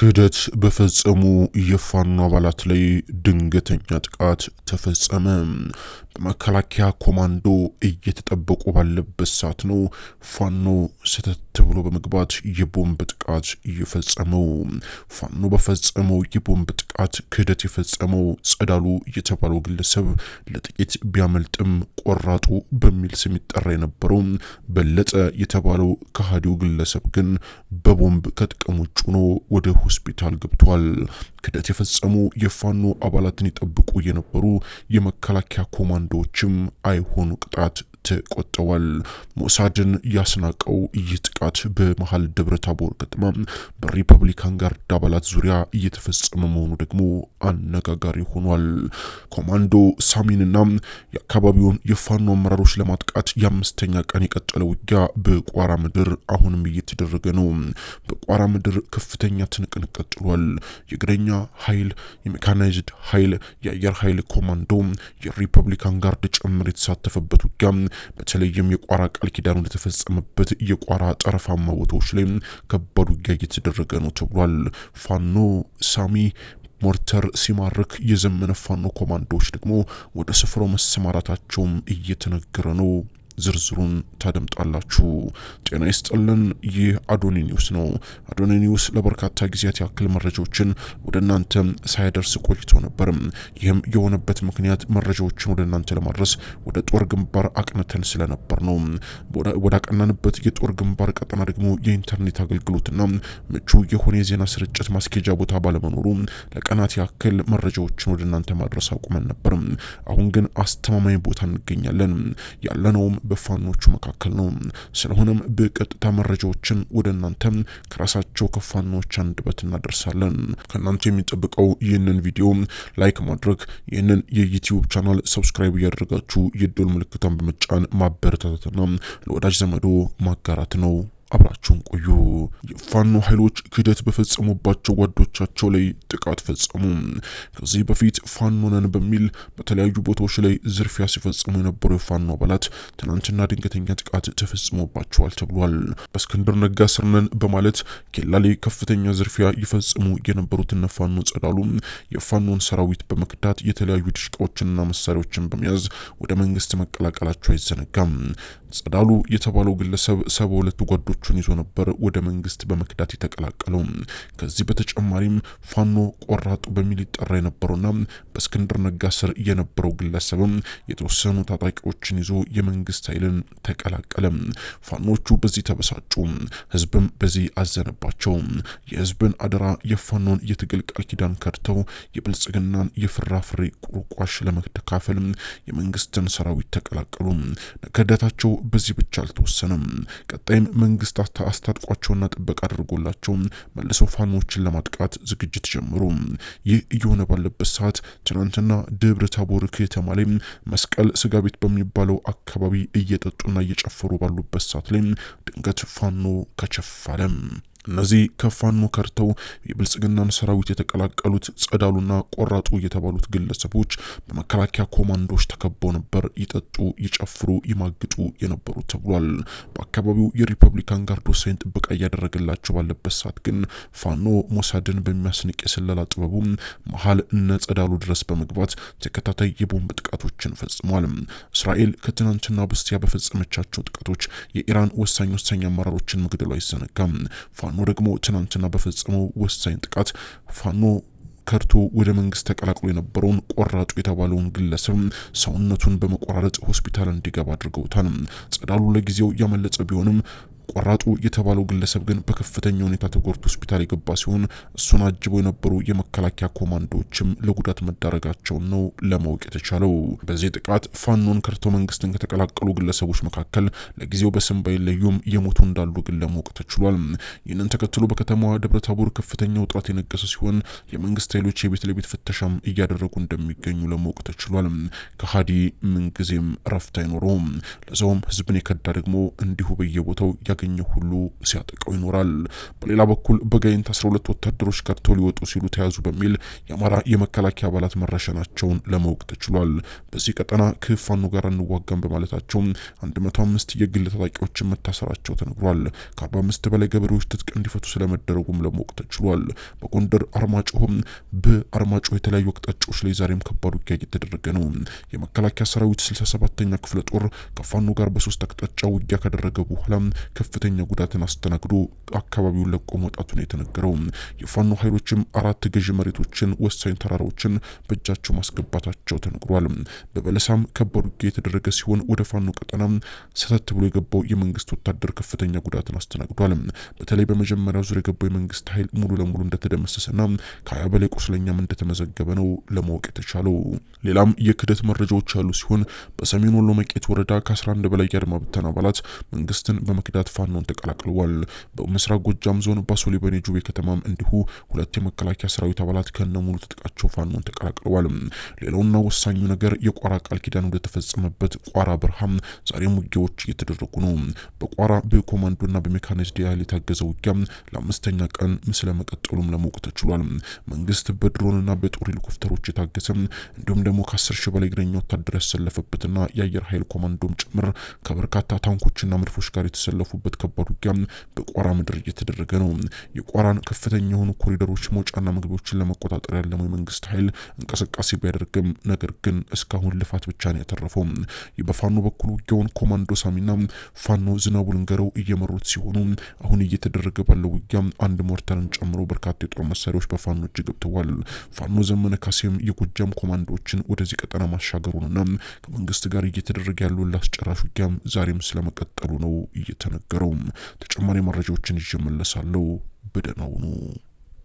ክህደት በፈጸሙ የፋኖ አባላት ላይ ድንገተኛ ጥቃት ተፈጸመ። በመከላከያ ኮማንዶ እየተጠበቁ ባለበት ሰዓት ነው ፋኖ ሰተት ብሎ በመግባት የቦምብ ጥቃት እየፈጸመው። ፋኖ በፈጸመው የቦምብ ጥቃት ክህደት የፈጸመው ጸዳሉ የተባለው ግለሰብ ለጥቂት ቢያመልጥም ቆራጡ በሚል ስም ይጠራ የነበረው በለጠ የተባለው ከሃዲው ግለሰብ ግን በቦምብ ከጥቅም ውጭ ሆኖ ወደ ሆስፒታል ገብቷል። ክደት የፈጸሙ የፋኖ አባላትን ይጠብቁ የነበሩ የመከላከያ ኮማንዶዎችም አይሆኑ ቅጣት ተቆጠዋል። ሞሳድን ያስናቀው ይህ ጥቃት በመሀል ደብረ ታቦር ከተማ በሪፐብሊካን ጋርድ አባላት ዙሪያ እየተፈጸመ መሆኑ ደግሞ አነጋጋሪ ሆኗል። ኮማንዶ ሳሚንና የአካባቢውን የፋኖ አመራሮች ለማጥቃት የአምስተኛ ቀን የቀጠለ ውጊያ በቋራ ምድር አሁንም እየተደረገ ነው። በቋራ ምድር ከፍተኛ ትንቅንቅ ቀጥሏል። የእግረኛ ኃይል፣ የሜካናይዝድ ኃይል፣ የአየር ኃይል ኮማንዶ፣ የሪፐብሊካን ጋርድ ጭምር የተሳተፈበት ውጊያ በተለይም የቋራ ቃል ኪዳኑ ለተፈጸመበት የቋራ ጠረፋማ ቦታዎች ላይ ከባድ ውጊያ እየተደረገ ነው ተብሏል። ፋኖ ሳሚ ሞርተር ሲማርክ የዘመነ ፋኖ ኮማንዶዎች ደግሞ ወደ ስፍራው መሰማራታቸውም እየተነገረ ነው። ዝርዝሩን ታደምጣላችሁ። ጤና ይስጥልን። ይህ አዶኒ ኒውስ ነው። አዶኒ ኒውስ ለበርካታ ጊዜያት ያክል መረጃዎችን ወደ እናንተ ሳያደርስ ቆይቶ ነበር። ይህም የሆነበት ምክንያት መረጃዎችን ወደ እናንተ ለማድረስ ወደ ጦር ግንባር አቅንተን ስለነበር ነው። ወደ አቀናንበት የጦር ግንባር ቀጠና ደግሞ የኢንተርኔት አገልግሎትና ምቹ የሆነ የዜና ስርጭት ማስኬጃ ቦታ ባለመኖሩ ለቀናት ያክል መረጃዎችን ወደ እናንተ ማድረስ አቁመን ነበር። አሁን ግን አስተማማኝ ቦታ እንገኛለን። ያለነውም በፋኖቹ መካከል ነው። ስለሆነም በቀጥታ መረጃዎችን ወደ እናንተ ከራሳቸው ከፋኖች አንደበት እናደርሳለን። ከእናንተ የሚጠብቀው ይህንን ቪዲዮ ላይክ ማድረግ፣ ይህንን የዩትዩብ ቻናል ሰብስክራይብ እያደረጋችሁ የደወል ምልክቷን በመጫን ማበረታታትና ለወዳጅ ዘመዶ ማጋራት ነው። አብራችሁን ቆዩ። የፋኖ ኃይሎች ክህደት በፈጸሙባቸው ጓዶቻቸው ላይ ጥቃት ፈጸሙ። ከዚህ በፊት ፋኖነን በሚል በተለያዩ ቦታዎች ላይ ዝርፊያ ሲፈጽሙ የነበሩ የፋኖ አባላት ትናንትና ድንገተኛ ጥቃት ተፈጽሞባቸዋል ተብሏል። በእስክንድር ነጋ ስር ነን በማለት ኬላ ላይ ከፍተኛ ዝርፊያ ይፈጽሙ የነበሩትን ፋኖ ጸዳሉ የፋኖን ሰራዊት በመክዳት የተለያዩ ድሽቃዎችንና መሳሪያዎችን በመያዝ ወደ መንግስት መቀላቀላቸው አይዘነጋም። ጸዳሉ የተባለው ግለሰብ ሰባ ሁለት ጓዶቹን ይዞ ነበር ወደ መንግስት በመክዳት የተቀላቀለው። ከዚህ በተጨማሪም ፋኖ ቆራጡ በሚል ይጠራ የነበረውና በእስክንድር ነጋ ስር የነበረው ግለሰብም የተወሰኑ ታጣቂዎችን ይዞ የመንግስት ኃይልን ተቀላቀለ። ፋኖቹ በዚህ ተበሳጩ፣ ህዝብም በዚህ አዘነባቸው። የህዝብን አደራ የፋኖን የትግል ቃል ኪዳን ከድተው የብልጽግናን የፍራፍሬ ቁርቋሽ ለመካፈል የመንግስትን ሰራዊት ተቀላቀሉ። ክህደታቸው በዚህ ብቻ አልተወሰነም። ቀጣይም መንግስት አስታጥቋቸውና ጥበቃ አድርጎላቸው መልሰው ፋኖችን ለማጥቃት ዝግጅት ጀምሩ። ይህ እየሆነ ባለበት ሰዓት ትናንትና ደብረ ታቦር ከተማ ላይ መስቀል ስጋ ቤት በሚባለው አካባቢ እየጠጡና እየጨፈሩ ባሉበት ሰዓት ላይ ድንገት ፋኖ ከቸፋለም እነዚህ ከፋኖ ከርተው የብልጽግናን ሰራዊት የተቀላቀሉት ጸዳሉና ቆራጡ የተባሉት ግለሰቦች በመከላከያ ኮማንዶዎች ተከበው ነበር ይጠጡ፣ ይጨፍሩ፣ ይማግጡ የነበሩ ተብሏል። በአካባቢው የሪፐብሊካን ጋርድ ወሳኝ ጥበቃ እያደረገላቸው ባለበት ሰዓት ግን ፋኖ ሞሳድን በሚያስንቅ የስለላ ጥበቡ መሀል እነ ጸዳሉ ድረስ በመግባት ተከታታይ የቦምብ ጥቃቶችን ፈጽሟል። እስራኤል ከትናንትና በስቲያ በፈጸመቻቸው ጥቃቶች የኢራን ወሳኝ ወሳኝ አመራሮችን መግደሉ አይዘነጋም። ፋኖ ፋኖ ደግሞ ትናንትና በፈጸመው ወሳኝ ጥቃት ፋኖ ከርቶ ወደ መንግስት ተቀላቅሎ የነበረውን ቆራጩ የተባለውን ግለሰብ ሰውነቱን በመቆራረጥ ሆስፒታል እንዲገባ አድርገውታል። ጸዳሉ ለጊዜው ያመለጸ ቢሆንም ቆራጡ የተባለው ግለሰብ ግን በከፍተኛ ሁኔታ ተጎድቶ ሆስፒታል የገባ ሲሆን እሱን አጅበው የነበሩ የመከላከያ ኮማንዶዎችም ለጉዳት መዳረጋቸውን ነው ለማወቅ የተቻለው። በዚህ ጥቃት ፋኖን ከድተው መንግስትን ከተቀላቀሉ ግለሰቦች መካከል ለጊዜው በስም ባይለዩም የሞቱ እንዳሉ ግን ለማወቅ ተችሏል። ይህንን ተከትሎ በከተማዋ ደብረ ታቦር ከፍተኛ ውጥረት የነገሰ ሲሆን የመንግስት ኃይሎች የቤት ለቤት ፍተሻም እያደረጉ እንደሚገኙ ለማወቅ ተችሏል። ከሀዲ ምንጊዜም ረፍት አይኖረውም። ለሰውም ህዝብን የከዳ ደግሞ እንዲሁ በየቦታው እንዳገኘ ሁሉ ሲያጠቀው ይኖራል። በሌላ በኩል በጋይንት 12 ወታደሮች ከድተው ሊወጡ ሲሉ ተያዙ በሚል የአማራ የመከላከያ አባላት መረሻናቸውን ለማወቅ ተችሏል። በዚህ ቀጠና ከፋኖ ጋር እንዋጋም በማለታቸው 105 የግል ታጣቂዎችን መታሰራቸው ተነግሯል። ከ45 በላይ ገበሬዎች ትጥቅ እንዲፈቱ ስለመደረጉም ለማወቅ ተችሏል። በጎንደር አርማጭሆም በአርማጭሆ የተለያዩ አቅጣጫዎች ላይ ዛሬም ከባድ ውጊያ እየተደረገ ነው። የመከላከያ ሰራዊት 67ኛ ክፍለ ጦር ከፋኖ ጋር በሶስት አቅጣጫ ውጊያ ካደረገ በኋላ ከፍተኛ ጉዳትን አስተናግዶ አካባቢውን ለቆ መውጣቱ ነው የተነገረው። የፋኖ ኃይሎችም አራት ገዢ መሬቶችን፣ ወሳኝ ተራራዎችን በእጃቸው ማስገባታቸው ተነግሯል። በበለሳም ከባድ ውጊያ የተደረገ ሲሆን ወደ ፋኖ ቀጠና ሰተት ብሎ የገባው የመንግስት ወታደር ከፍተኛ ጉዳትን አስተናግዷል። በተለይ በመጀመሪያው ዙር የገባው የመንግስት ኃይል ሙሉ ለሙሉ እንደተደመሰሰና ከሀያ በላይ ቁስለኛም እንደተመዘገበ ነው ለማወቅ የተቻለው። ሌላም የክደት መረጃዎች ያሉ ሲሆን በሰሜን ወሎ መቄት ወረዳ ከ11 በላይ የአድማ ብተን አባላት መንግስትን በመክዳት ፋኖን ተቀላቅለዋል። በምስራቅ ጎጃም ዞን ባሶሌ በኔ ጁቤ ከተማም እንዲሁ ሁለት የመከላከያ ሰራዊት አባላት ከነ ሙሉ ትጥቃቸው ፋኖን ተቀላቅለዋል። ሌላውና ወሳኙ ነገር የቋራ ቃል ኪዳን ተፈጸመበት ቋራ ብርሃም ዛሬም ውጊያዎች እየተደረጉ ነው። በቋራ በኮማንዶና በሜካናይዝድ ኃይል የታገዘ ውጊያ ለአምስተኛ ቀን ምስለ መቀጠሉም ለማወቅ ተችሏል። መንግስት በድሮንና በጦር ሄሊኮፕተሮች የታገዘ እንዲሁም ደግሞ ከአስር ሺህ በላይ እግረኛ ወታደር ያሰለፈበትና የአየር ኃይል ኮማንዶም ጭምር ከበርካታ ታንኮችና መድፎች ጋር የተሰለፉበት የሚደረግበት ከባድ ውጊያ በቋራ ምድር እየተደረገ ነው። የቋራን ከፍተኛ የሆኑ ኮሪደሮች መውጫና መግቢያዎችን ለመቆጣጠር ያለመው የመንግስት ኃይል እንቅስቃሴ ቢያደርግም ነገር ግን እስካሁን ልፋት ብቻ ነው ያተረፈው። በፋኖ በኩል ውጊያውን ኮማንዶ ሳሚና ፋኖ ዝናቡ ልንገረው እየመሩት ሲሆኑ አሁን እየተደረገ ባለው ውጊያ አንድ ሞርተርን ጨምሮ በርካታ የጦር መሳሪያዎች በፋኖ እጅ ገብተዋል። ፋኖ ዘመነ ካሴም የጎጃም ኮማንዶዎችን ወደዚህ ቀጠና ማሻገሩንና ከመንግስት ጋር እየተደረገ ያለውን ላስጨራሽ ውጊያም ዛሬም ስለመቀጠሉ ነው እየተነገ የተናገረው። ተጨማሪ መረጃዎችን ይዤ እመለሳለሁ። በደህና ሁኑ።